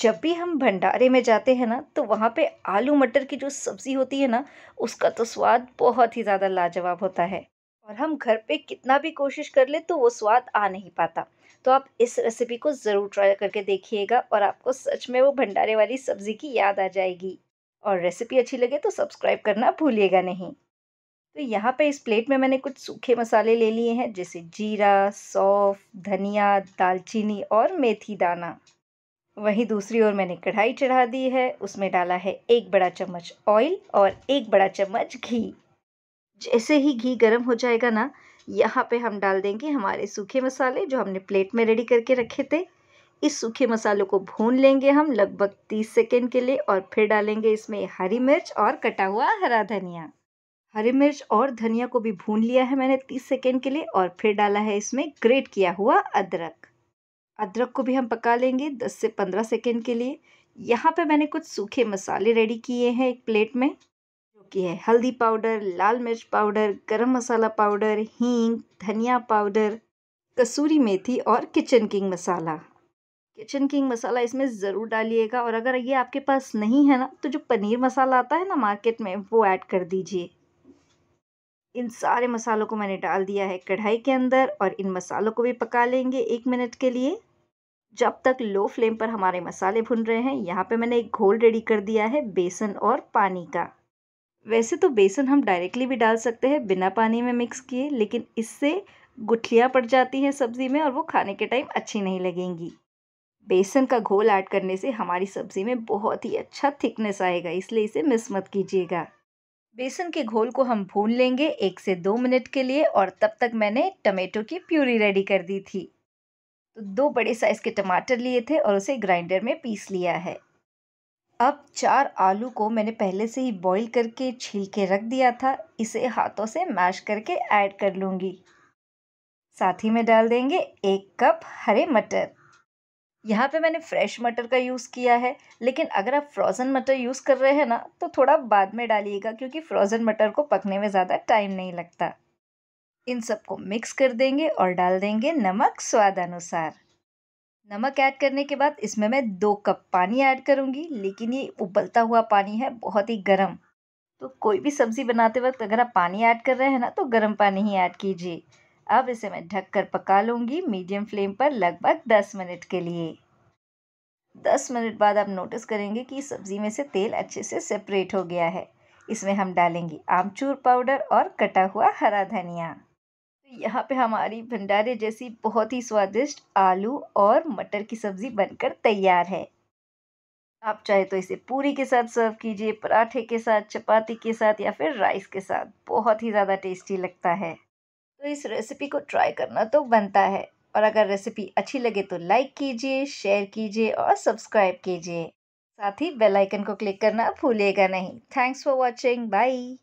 जब भी हम भंडारे में जाते हैं ना तो वहाँ पे आलू मटर की जो सब्ज़ी होती है ना उसका तो स्वाद बहुत ही ज़्यादा लाजवाब होता है और हम घर पे कितना भी कोशिश कर ले तो वो स्वाद आ नहीं पाता तो आप इस रेसिपी को ज़रूर ट्राई करके देखिएगा और आपको सच में वो भंडारे वाली सब्ज़ी की याद आ जाएगी और रेसिपी अच्छी लगे तो सब्सक्राइब करना भूलिएगा नहीं तो यहाँ पे इस प्लेट में मैंने कुछ सूखे मसाले ले लिए हैं जैसे जीरा सौफ धनिया दालचीनी और मेथी दाना वहीं दूसरी ओर मैंने कढ़ाई चढ़ा दी है उसमें डाला है एक बड़ा चम्मच ऑयल और एक बड़ा चम्मच घी जैसे ही घी गर्म हो जाएगा ना यहाँ पे हम डाल देंगे हमारे सूखे मसाले जो हमने प्लेट में रेडी करके रखे थे इस सूखे मसालों को भून लेंगे हम लगभग 30 सेकेंड के लिए और फिर डालेंगे इसमें हरी मिर्च और कटा हुआ हरा धनिया हरी मिर्च और धनिया को भी भून लिया है मैंने 30 सेकेंड के लिए और फिर डाला है इसमें ग्रेट किया हुआ अदरक अदरक को भी हम पका लेंगे 10 से 15 सेकेंड के लिए यहाँ पे मैंने कुछ सूखे मसाले रेडी किए हैं एक प्लेट में जो कि है हल्दी पाउडर लाल मिर्च पाउडर गरम मसाला पाउडर हींग धनिया पाउडर कसूरी मेथी और किचन किंग मसाला किचन किंग मसाला इसमें ज़रूर डालिएगा और अगर ये आपके पास नहीं है ना तो जो पनीर मसाला आता है ना मार्केट में वो ऐड कर दीजिए इन सारे मसालों को मैंने डाल दिया है कढ़ाई के अंदर और इन मसालों को भी पका लेंगे एक मिनट के लिए जब तक लो फ्लेम पर हमारे मसाले भुन रहे हैं यहाँ पे मैंने एक घोल रेडी कर दिया है बेसन और पानी का वैसे तो बेसन हम डायरेक्टली भी डाल सकते हैं बिना पानी में मिक्स किए लेकिन इससे गुठलियाँ पड़ जाती हैं सब्ज़ी में और वो खाने के टाइम अच्छी नहीं लगेंगी बेसन का घोल ऐड करने से हमारी सब्ज़ी में बहुत ही अच्छा थिकनेस आएगा इसलिए इसे मिस मत कीजिएगा बेसन के घोल को हम भून लेंगे एक से दो मिनट के लिए और तब तक मैंने टमेटो की प्यूरी रेडी कर दी थी तो दो बड़े साइज़ के टमाटर लिए थे और उसे ग्राइंडर में पीस लिया है अब चार आलू को मैंने पहले से ही बॉईल करके छील के रख दिया था इसे हाथों से मैश करके ऐड कर लूँगी साथ ही में डाल देंगे एक कप हरे मटर यहाँ पे मैंने फ्रेश मटर का यूज़ किया है लेकिन अगर आप फ्रोज़न मटर यूज़ कर रहे हैं ना तो थोड़ा बाद में डालिएगा क्योंकि फ्रोज़न मटर को पकने में ज़्यादा टाइम नहीं लगता इन सबको मिक्स कर देंगे और डाल देंगे नमक स्वाद अनुसार नमक ऐड करने के बाद इसमें मैं दो कप पानी ऐड करूँगी लेकिन ये उबलता हुआ पानी है बहुत ही गर्म तो कोई भी सब्ज़ी बनाते वक्त अगर आप पानी ऐड कर रहे हैं ना तो गर्म पानी ही ऐड कीजिए अब इसे मैं ढककर पका लूँगी मीडियम फ्लेम पर लगभग दस मिनट के लिए दस मिनट बाद आप नोटिस करेंगे कि सब्ज़ी में से तेल अच्छे से सेपरेट हो गया है इसमें हम डालेंगे आमचूर पाउडर और कटा हुआ हरा धनिया यहाँ पे हमारी भंडारे जैसी बहुत ही स्वादिष्ट आलू और मटर की सब्ज़ी बनकर तैयार है आप चाहे तो इसे पूरी के साथ सर्व कीजिए पराठे के साथ चपाती के साथ या फिर राइस के साथ बहुत ही ज़्यादा टेस्टी लगता है तो इस रेसिपी को ट्राई करना तो बनता है और अगर रेसिपी अच्छी लगे तो लाइक कीजिए शेयर कीजिए और सब्सक्राइब कीजिए साथ ही बेल आइकन को क्लिक करना भूलिएगा नहीं थैंक्स फॉर वॉचिंग बाई